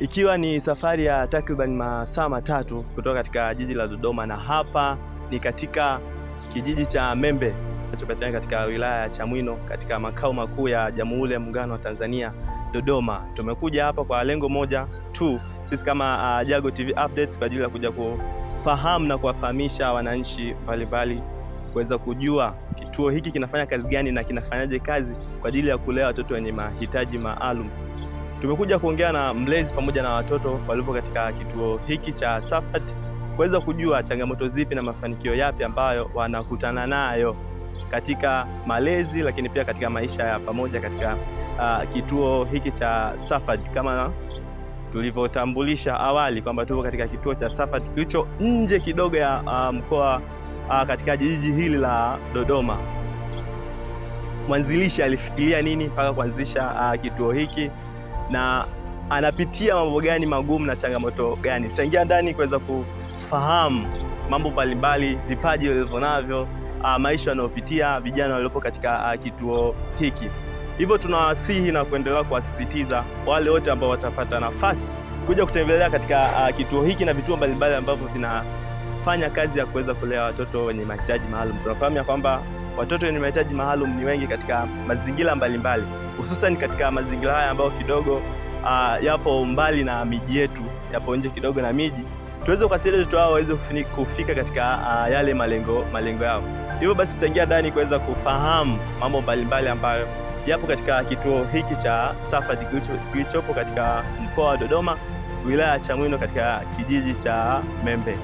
ikiwa ni safari ya takriban masaa matatu kutoka katika jiji la Dodoma, na hapa ni katika kijiji cha Membe kinachopatikana katika wilaya ya Chamwino katika makao makuu ya Jamhuri ya Muungano wa Tanzania Dodoma. Tumekuja hapa kwa lengo moja tu sisi kama uh, Jago TV Updates kwa ajili ya kuja kufahamu na kuwafahamisha wananchi mbalimbali kuweza kujua kituo hiki kinafanya kazi gani na kinafanyaje kazi kwa ajili ya kulea watoto wenye mahitaji maalum. Tumekuja kuongea na mlezi pamoja na watoto walipo katika kituo hiki cha Safat kuweza kujua changamoto zipi na mafanikio yapi ambayo wanakutana nayo katika malezi, lakini pia katika maisha ya pamoja katika uh, kituo hiki cha Safat kama tulivyotambulisha awali kwamba tupo katika kituo cha Safat kilicho nje kidogo ya uh, mkoa uh, katika jiji hili la Dodoma. Mwanzilishi alifikiria nini mpaka kuanzisha uh, kituo hiki? na anapitia mambo gani magumu na changamoto gani. Tutaingia ndani kuweza kufahamu mambo mbalimbali, vipaji walivyo navyo, ah, maisha wanayopitia vijana waliopo katika ah, kituo hiki. Hivyo tunawasihi na kuendelea kuwasisitiza wale wote ambao watapata nafasi kuja kutembelea katika ah, kituo hiki na vituo mbalimbali ambavyo vinafanya kazi ya kuweza kulea watoto wenye mahitaji maalum. Tunafahamu ya kwamba Watoto wenye mahitaji maalum ni wengi katika mazingira mbalimbali, hususan katika mazingira haya ambayo kidogo uh, yapo mbali na miji yetu, yapo nje kidogo na miji, tuweze kuwasaidia watoto hao waweze kufika katika uh, yale malengo malengo yao. Hivyo basi tutaingia ndani kuweza kufahamu mambo mbalimbali ambayo yapo katika kituo hiki cha Safad kilichopo katika mkoa wa Dodoma wilaya ya Chamwino katika kijiji cha Membe.